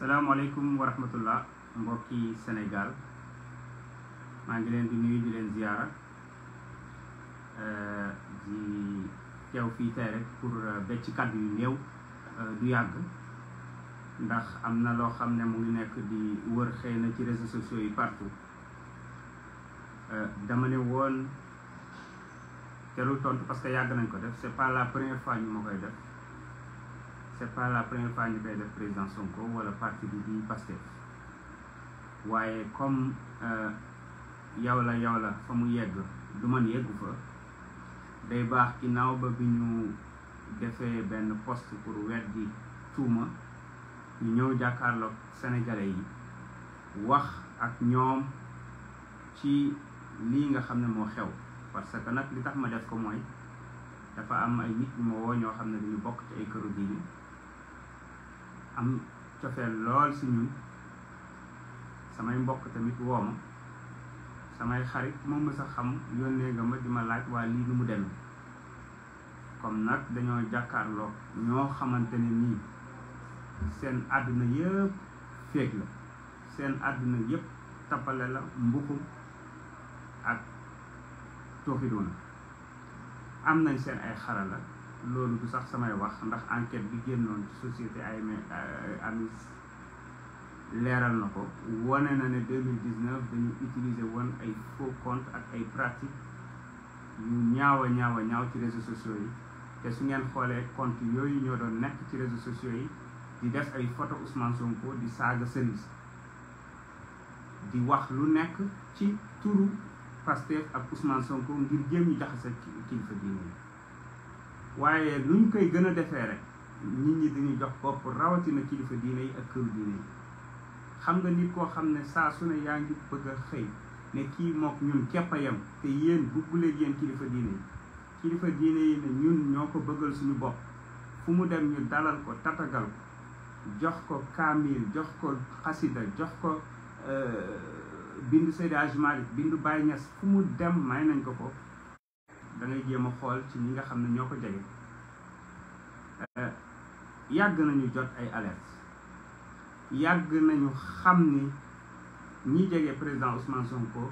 salaamaaleykum wa rahmatullah mbokki Sénégal maa ngi leen di nuyu di leen ziyaara eh, di teew fii tey rek pour eh, becc kàddu yu néew eh, du yàgg ndax am na loo xam ne mu ngi nekk di wër xëy na ci réseaux sociaux yi partout dama ne woon terul tontu parce que yàgg nañ ko def c'est pas la première fois ñu ma koy def c'est pas la première fois ñu koy def président Sonko wala parti bi di Pastef waaye comme euh, yow la yow la fa mu yegg du man yeggu fa day baax ginnaaw ba bi ñu defee benn poste pour weddi tuuma ñu ñëw jàkkaarloog sénégalais yi wax ak ñoom ci lii nga xam ne moo xew parce que nag li tax ma def ko mooy dafa am ay nit ñu ma woo ñoo xam ne dañu bokk ci ay këru diine am cofeel lool si ñun samay mbokk tamit woo ma samay xarit moom ma sa xam yónnee nga ma di ma laaj waa lii nu mu demee comme nag dañoo jàkkaarloo ñoo xamante ni nii seen àdduna yëpp féeg la seen àdduna yépp tappale la mbuxum ak tooxidoona am nañ seen ay xarala loolu du sax samay wax ndax enquête bi génnoon ci société AMIS euh, leeral na ko wane na ne 2019 dañu utiliser woon ay faux compte ak ay pratique yu ñaaw a ñaaw ñaaw ci réseaux sociaux yi te su ngeen xoolee compte yooyu ñoo doon nekk ci réseaux sociaux yi di def ay photo Ousmane Sonko di saaga service di wax lu nekk ci turu Pastef ak Ousmane Sonko ngir jéem ñu jaxase kilifa diine waaye nuñ koy gën a defee rek nit ñi dañuy jox bopp rawatina kilifa diine yi ak këru diine yi xam nga nit koo xam ne saa su ne yaa ngi bëgg a xëy ne kii mook ñun képp a yem te yéen bugguleen yéen kilifa diine yi kilifa diine yi ne ñun ñoo ko bëggal suñu bopp fu mu dem ñu dalal ko tatagal ko jox ko kaamil jox ko xasida jox ko euh, bindu Seydi Hadji Malick bindu Baye fu mu dem may nañ ko ko da ngay jéem a xool ci ñi nga xam ne ñoo ko jege eh, yàgg nañu jot ay alerte yàgg nañu xam ni ñi jege président Ousmane Sonko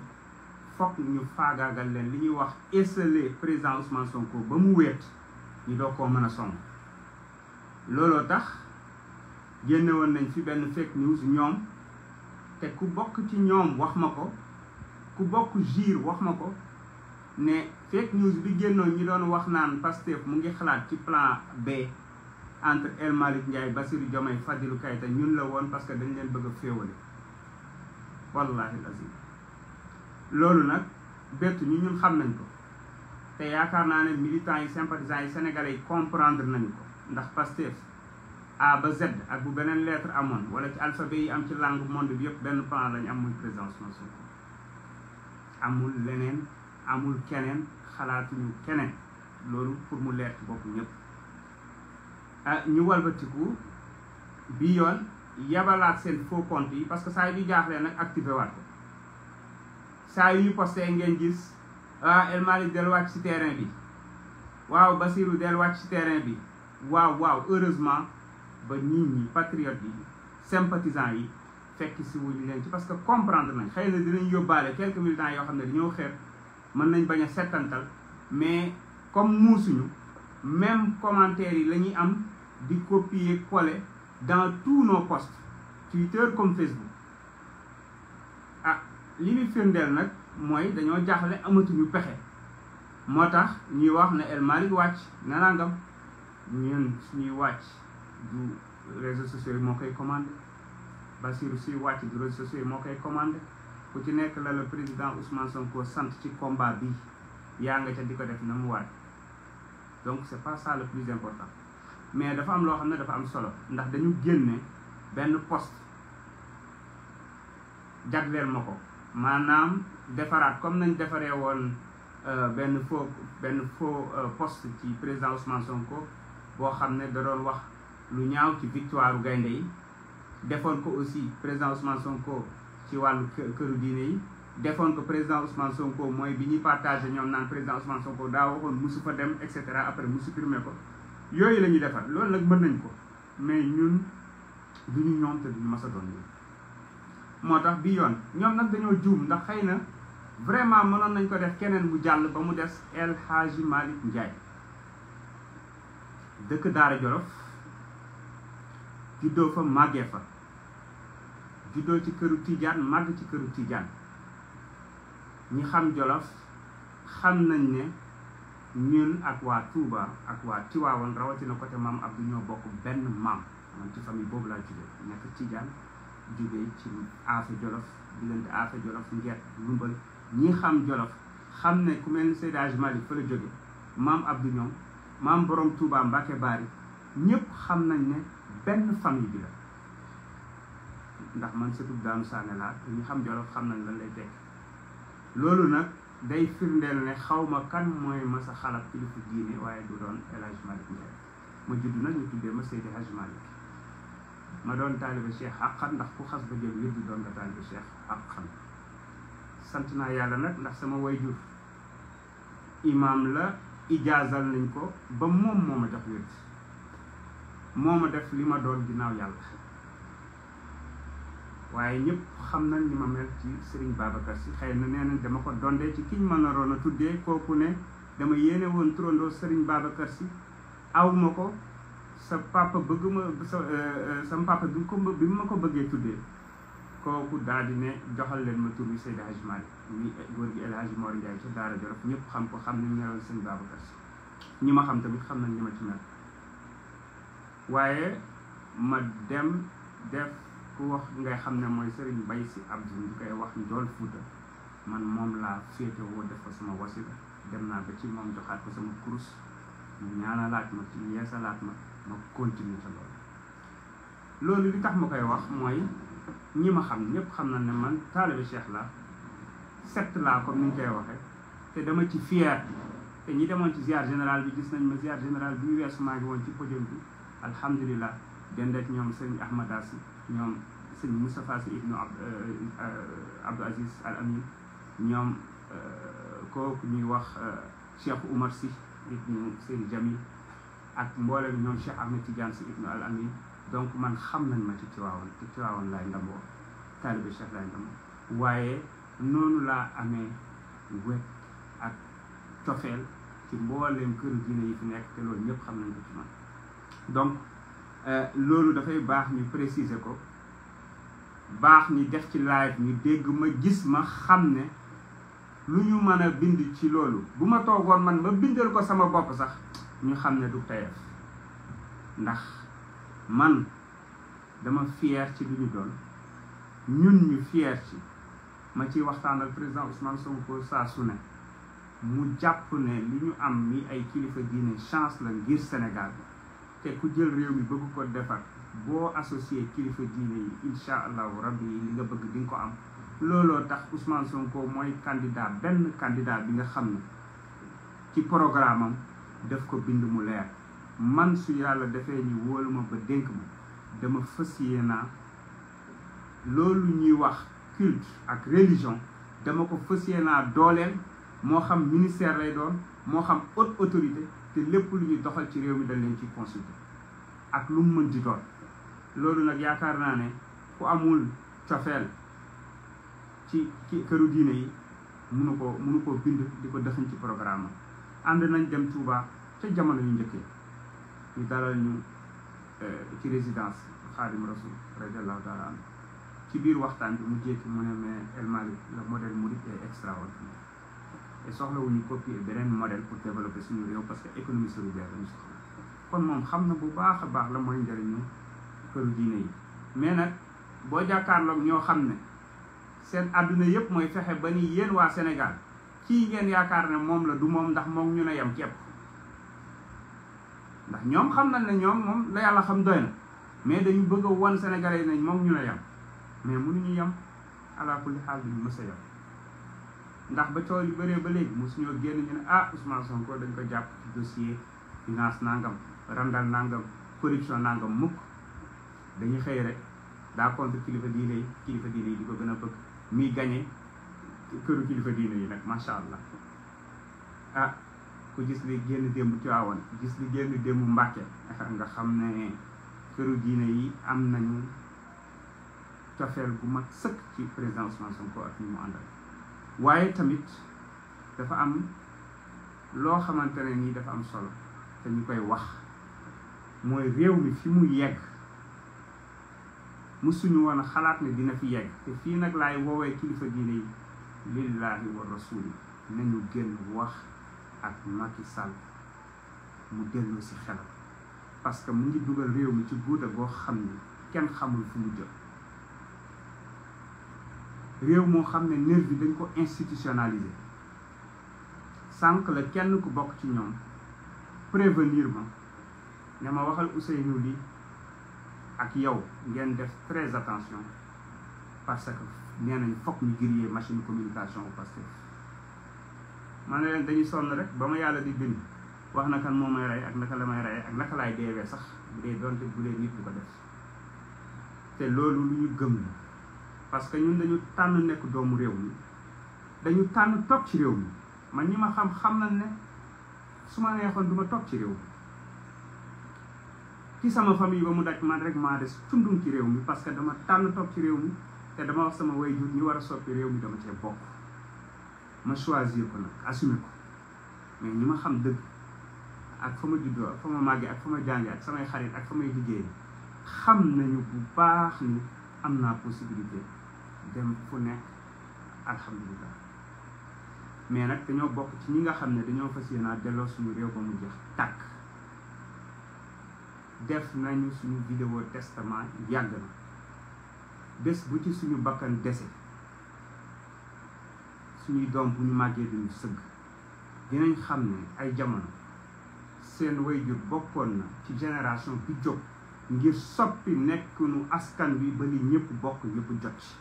fokk ñu faagaagal leen li ñuy wax esseler président Ousmane Sonko ba mu wéet ñu doo ko mën a song looloo tax génnewoon woon nañ fi benn fake news ñoom te ku bokk ci ñoom wax ma ko ku bokk jir wax ma ko ne fake news bi génnoo ñi doon wax naan Pastef mu ngi xalaat ci plan B entre El Malick Ndiaye Bassirou jomay Fadilou Keïta ñun la woon parce que dañ leen bëgg a féewale wallahi lazim loolu nag bettu ñu ñun xam nañ ko te yaakaar naa ne militants yi sympathisants yi sénégalais yi comprendre nañu ko ndax Pastef A ba Z ak bu beneen lettre amoon wala ci alphabet yi am ci langue monde bi yëpp benn plan lañu am muy présidence Sonko amul leneen amul keneen xalaatuñu keneen loolu pour mu leer ci bopp ñëpp ah, ñu walbatiku bi yoon yabalaat seen faux compte yi parce que saa yi ñu jaaxlee nag activé waat ko saa yu ñu posté ngeen gis ah El del delluwaat ci terrain bi waaw Basirou delluwaat ci terrain bi waaw waaw heureusement ba nit ñi patriote yi sympathisant yi fekk si wuñu leen ci parce que comprendre nañ xëy na dinañ yóbbaale quelques militants yoo xam ne dañoo xeer mën nañ bañ a settantal mais comme muusuñu même commentaires yi la ñuy am di copier coller dans tous nos posts Twitter comme Facebook ah li firndeel nag mooy dañoo jaxle amatuñu pexe moo tax ñuy wax ne El Malick wàcc na nangam ñun suñuy wàcc du réseaux sociaux yi moo koy commander Bassirou suy wàcc du réseaux sociaux yi moo koy commandé ku ci nekk la la président Ousmane Sonko sant ci combat bi yaa nga ca di ko def na mu war donc c'est pas ça le plus important mais dafa am loo xam ne dafa am solo ndax dañu génne benn poste jagleel ma ko maanaam defaraat comme nañ defaree woon euh, benn faux benn faux euh, post ci président Ousmane Sonko boo xam ne da doon wax lu ñaaw ci victoire gaynde yi defoon ko aussi président Ousmane Sonko ci wàllu këru diine yi defoon ko président Ousmane Sonko mooy bi ñuy partagé ñoom naan président Ousmane Sonko daa waxoon musu fa dem et cetera après mu supprimer ko yooyu lañuy defar loolu nag mën nañ ko mais ñun du ñu ñoom te duñu mas a doon moo tax bii yoon ñoom nag dañoo juum ndax xëy na vraiment mënoon nañ ko def keneen mu jàll ba mu des El Hadji Malick Ndiaye dëkk Daara Jolof juddoo fa màggee fa juddoo ci këru Tijaan mag ci këru Tijaan ñi xam Jolof xam nañ ne ñun ak waa Touba ak waa Tiwaawan rawatina côté maam Abdou ñoo bokk benn maam man ci famille boobu laa juddoo nekk Tijaan jugee ci aafe Jolof diggante aafe Jolof ngeet lumbal ñi xam Jolof xam ne ku mel ni Seydi Hadji Malick fa la jóge maam Abdou ñoom maam borom Touba Mbacke Bari ñëpp xam nañ ne benn famille bi la ndax man surtout daanu saane laa te ñu xam jolof xam nañ lan lay tekk loolu nag day firndeel ne xaw ma kan mooy ma sa xalab kilifa diine waaye du doon El Hadj ma judd nag ñu tuddee ma Seydi Hadj Malick ma doon taalibe cheikh xaqan ndax ku xas ba jël yëpp du doon nga taalibe cheikh xaqan sant naa yàlla nag ndax sama wayjur imaam la ijaazal nañ ko ba moom moo ma jox wér moo ma def li ma doon ginnaaw yàlla waaye ñëpp xam nañ ni ma mel ci sëriñ Babacar Sy xëy na nee nañ dama ko dondee ci kiñ ma naroon a tuddee kooku ne dama yéene woon turandoo sëriñ Babacar Sy aw ma ko sa papa bëgguma ma sa euh, euh, sam papa bi ko bi ma ko bëggee tuddee kooku daal di ne joxal leen ma tur bi Seydi Hadji Malick muy góor gi ñëpp xam ko xam nañ meloon Serigne Babacar Sy ñi ma xam tamit xam nañ ñu ma ci mel waaye ma dem def ku wax ngay xam ne mooy Serigne Mbaye Sy Abdou ñu koy wax Njool Fuuta man moom laa féete def ko sama wasila dem naa ko ci moom joxaat ko sama kurus mu ñaanalaat ma ci yeesalaat ma ma continuer sa loolu li tax ma koy wax mooy ñi ma xam ñëpp xam na ne man taalibe Cheikh la sect laa comme ni ñu koy waxee te dama ci fier te ñi demoon ci ziar général bi gis nañ ma ziar général bi weesu maa ngi woon ci podium bi alhamdulilah dend ak ñoom sëñ Ahmada ñoom sëñ Moustapha Sy ibnu euh, euh, Abdou Aziz Al Amin ñoom euh, kooku ñuy wax Cheikh Oumar Sy ibnu Seydi Jamil ak mboolem ñoom Cheikh Ahmed Tidiane Sy ibnu Al Amin donc man xam nañ ma ci Tiwaawan ci Tiwaawan laay ndamoo taalibe Cheikh laay ndamoo waaye noonu laa amee wet ak cofeel ci mboolem kër diine yi fi nekk te loolu ñëpp xam nañ ko ci man donc Euh, loolu dafay baax ñu préciser ko baax ñu def ci live ñu dégg ma gis ma xam ne lu ñu mën a bind ci loolu bu ma toogoon man ma bindal ko sama bopp sax ñu xam ne du tayef ndax man dama fier ci lu ñu doon ñun ñu fier ci ma ciy waxtaanal président Ousmane Sonko saa su ne mu jàpp ne li ñu am mi ay kilifa diine chance la ngir Sénégal te ku jël réew mi bëgg ko defar boo associé kilifa diine yi incha allahu rabbi li nga bëgg di nga ko am looloo tax Ousmane Sonko mooy candidat benn candidat bi nga xam ne ci programme am daf ko bind mu leer man su yàlla defee ñu wóolu ma ba dénk ma dama fas yéenaa loolu ñuy wax culte ak religion dama ko fas naa dooleel moo xam ministère lay doon moo xam haute autorité te lépp lu ñu doxal ci réew mi dañ ci consulter ak lu mu mën di doon loolu nag yaakaar naa ne ku amul cofeel ci ci këru diine yi munu ko munu koo bind di ko defañ ci programme ànd nañ dem Touba ca jamono yu njëkkee ñu dalal ñu euh, ci résidence Xaadim Rasul radiallahu taala ci biir waxtaan bi mu jékki mu ne mais El Malick le modèle mouride est extraordinaire te soxlawuñu copier beneen modèle pour développer suñu réew parce que économie solidaire lañu soxla kon moom xam na bu baax a baax la mooy njëriñu këru diine yi mais nag boo jàkkaarloog ñoo xam ne seen àdduna yépp mooy fexe ba ni yéen waa Sénégal kii ngeen yaakaar ne moom la du moom ndax moom ñu ne yem képp ndax ñoom xam nañ ne ñoom moom la yàlla xam doy na mais dañu bëgg a wan Sénégalais yi nañ moom ñu ne yem mais mënuñu yem alaa kulli xaal duñu mës a ndax ba coow yu bëree ba léegi mosuñoo génn ñu ne ah Ousmane Sonko dañ ko jàpp ci dossier finance nangam randal nangam corruption nangam mukk dañuy xëy rek daa contre kilifa diine yi kilifa diine yi di ko gën a bëgg muy gañe këru kilifa diine yi nag macha allah ah ku gis li génn démb Tiwaawan gis li génn démb Mbàkke nga xam ne këru diine yi am nañu cofeel gu mag sëkk ci président Ousmane Sonko ak ñi mu àndal waaye tamit dafa am loo xamante ne nii dafa am solo te ñu koy wax mooy réew mi fi mu yegg mu suñu woon a xalaat ne dina fi yegg te fii nag laay woowee kilifa diine yi lillahi wa rasuli nañu génn wax ak Macky Sall mu dellu si xelam parce que mu ngi dugal réew mi ci guuta boo xam ni kenn xamul fu mu jëm réew moo xam ne nervi dañ ko institutionnaliser sànq la kenn ku bokk ci ñoom prévenir ma ne ma waxal Ousseynou li ak yow ngeen def très attention parce que nee nañ foog ñu griller machine communication bu Pastef ma ne leen dañuy sonn rek ba ma yàlla di bind wax na kan moo may rey ak naka la may rey ak naka laay deewee sax bu dee donte bu dee nit bu ko def te loolu lu ñu gëm parce que ñun dañu tànn nekk doomu réew mi dañu tànn toog ci réew mi man ñi ma xam xam na ne su ma neexoon duma ma toog ci réew mi ci sama famille ba mu daj man rek maa des ci réew mi parce que dama tànn toog ci réew mi te dama wax sama waajur ñu war a soppi réew mi dama cee bokk ma choisir ko nag assumer ko mais ñi ma xam dëgg ak fa ma juddoo ak fa ma màggee ak fa ma jàngee ak samay xarit ak fa may liggéey xam nañu bu baax ni am naa possibilité dem fu nekk alhamdulilah mais nag dañoo bokk ci ñi nga xam ne dañoo fas yéene delloo suñu réew ba mu jeex tàkk def nañu suñu vidéo testament yàgg na bés bu ci suñu bakkan dese suñuy doom bu ñu màggee duñu sëgg dinañ xam ne ay jamono seen wayjur bokkoon na ci génération bi jóg ngir soppi nekkunu askan wi ba li ñëpp bokk ñëpp jot ci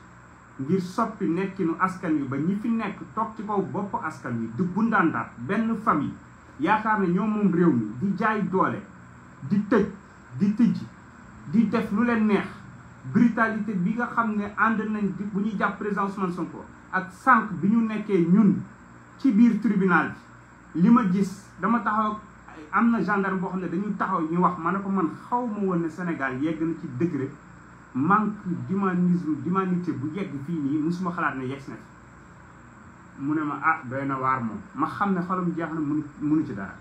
ngir soppi nekkinu askan wi ba ñi fi nekk toog ci kaw bopp askan wi di bundandaat benn famille yaakaar na ñoomoom réew mi di jaay doole di tëj di tijj di def lu leen neex brutalité bi nga xam ne ànd nañ di bu ñuy jàpp président Ousmane Sonko ak sànq bi ñu nekkee ñun ci biir tribunal bi li ma gis dama taxaw am na gendarme boo xam ne dañu taxaw ñu wax ma ne ko man xaw ma woon ne Sénégal yegg na ci degré manque d'humanisme d'humanité bu jegg fii nii mu suma xalaat ne yegg na fi mu ne ma ah doy na waar moom ma xam ne xolam jeex na munu munu ci dara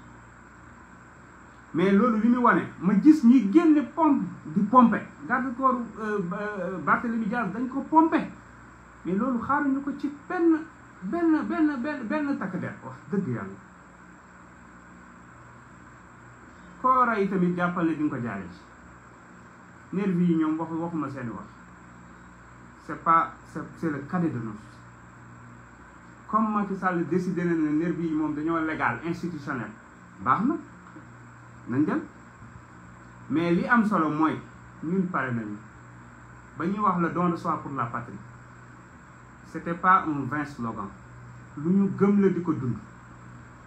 mais loolu li muy wane ma gis ñi génne pompe di pompe garde corps euh, Barthélemy Diaz dañ ko pompe mais loolu xaaruñu ko ci benn benn benn benn benn takk der wax dëgg yàlla koo rey tamit jàppal di nga ko jaare ci nervi yi ñoom waxu waxuma seen wax c'est pas c'est le cadet de nous comme Macky Sall décidé na ne nervi yi moom dañoo légal institutionnel baax na nañ dem mais li am solo mooy ñun pare nañu ba ñuy wax la don de pour la patrie c'était pas un vain slogan lu ñu gëm la di ko dund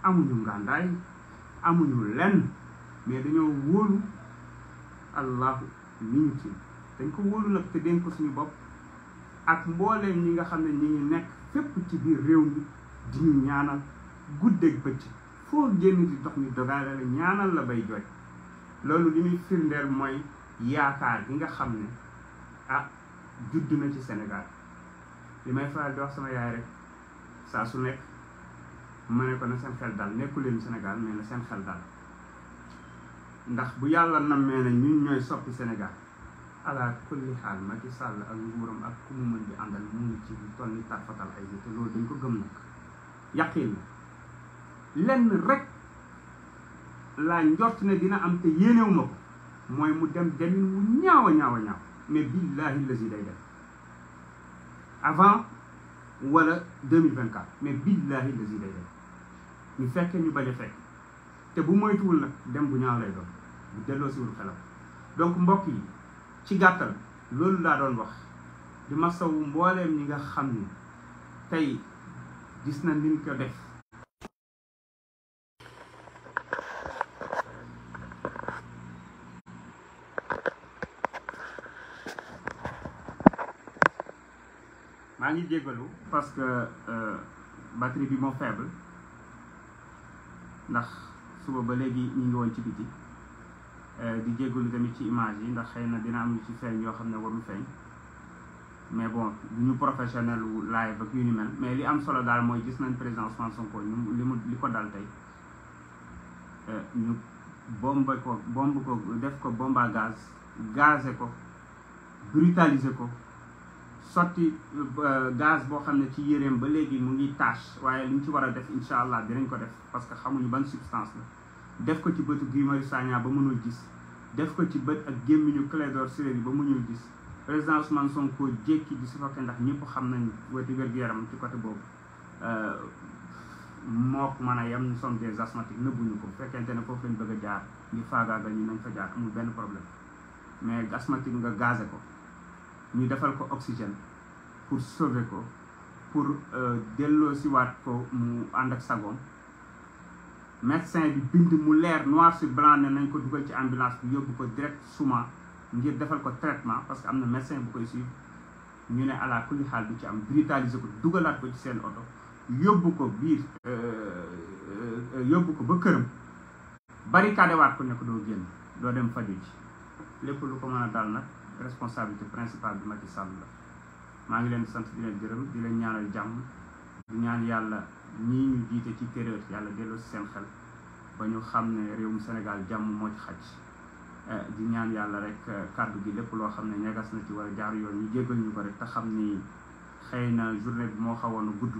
amuñu ngàndaay amuñu lenn mais dañoo wóolu allahu mi ngi ci dañ ko wóolu nag te dénk ko suñu bopp ak mbooleem ñi nga xam ne ñi ngi nekk fépp ci biir réew mi di ñu ñaanal guddeeg bëccëg foo génn di dox ñu dogaale ñaanal la bay jooy loolu li muy firndeel mooy yaakaar gi nga xam ne ah judd na ci Sénégal li may faral di wax sama yaay rek saa su nekk ma ne ko na seen xel dal nekku leen Sénégal mais na seen xel dal ndax bu yàlla nammee ne ñun ñooy soppi Sénégal ala kulli xaal ci sàll ak nguuram ak ku mu mën di àndal mu ngi ci lu toll ni tarfatal ay te loolu dañ ko gëm nag yaqin la lenn rek laa njort ne dina am te yéenewu ma ko mooy mu dem demin wu ñaawa ñaawa ñaaw mais billahi lazi day dem avant wala 2024 mais billahi lazi day dem ñu fekkee ñu bañ a fekk te bu moytuwul nag dem bu ñaaw lay doon bu delloosiwul xelam donc mbokk yi ci gàttal loolu laa doon wax di masawu mbooleem ñi nga xam ni tey gis na niñ ko def maa ngi jégalu parce que euh, batterie bi moo faible ndax suba ba léegi ñu ngi woon ci biti eh, di lu tamit ci image yi ndax xëy na dina am lu ci feeñ yoo xam ne warul feeñ mais bon du ñu professionnel wu live ak yu ni mel mais li am solo daal mooy gis nañ président Ousmane Sonko ñu li mu li ko dal tey eh, ñu bombe ko bomb ko def ko bomba gaz gazé ko brutaliser ko sotti eh, gaz boo xam ne ci yéreem ba léegi mu ngi tâche waaye li ñu ci war a def incha allah dinañ ko def parce que xamuñu ban substance la def ko ci bëtu Guy Marius Sagna ba mënul gis def ko ci bët ak gémmiñu Clédor Ciré Ly ba mu mënul gis président Ousmane Sonko jékki di si fakke ndax ñëpp xam nañ wetu wér-gu-yaram ci côté boobu moo euh, mook mën a yem nous des asthmatiques nëbbuñu ko fekkente ne foofu lañ bëgg a jaar ñu faagaagal ñu nañ fa jaar amul benn problème mais asthmatique nga gaase ko ñu defal ko oxygène pour sauver ko pour euh, delloo siwaat ko mu ànd ak sagoom médecin bi bind mu leer noir sur blanc ne nañ ko dugal ci ambulance bi yóbbu ko direct suma ngir defal ko traitement parce que am na médecin bu koy suivre ñu ne ala kulli xaal du ci am brutaliser ko dugalaat ko ci seen oto yóbbu ko biir euh, euh, euh, yóbbu ko ba këram barricade waat ko ne ko doo génn doo dem faju ji lépp lu ko mën a dal nag responsabilité principale bi Macky la maa ngi leen di sant di gërëm di leen ñaanal jàmm di ñaan yàlla ñii ñu jiite ci terreur yàlla delloo si seen xel ba ñu xam ne réewum Sénégal jàmm moo ci xaj eh, di ñaan yàlla rek eh, kàddu gi lépp loo xam ne ñagas na ci wala jaar yoon ñu jéggal ñu ko rek te xam ni xëy na journée moo xawoon a gudd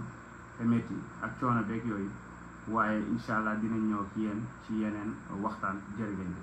te metti ak coono beeg yooyu waaye incha allah dinañ ñëw ak yéen ci yeneen waxtaan jërë ngeen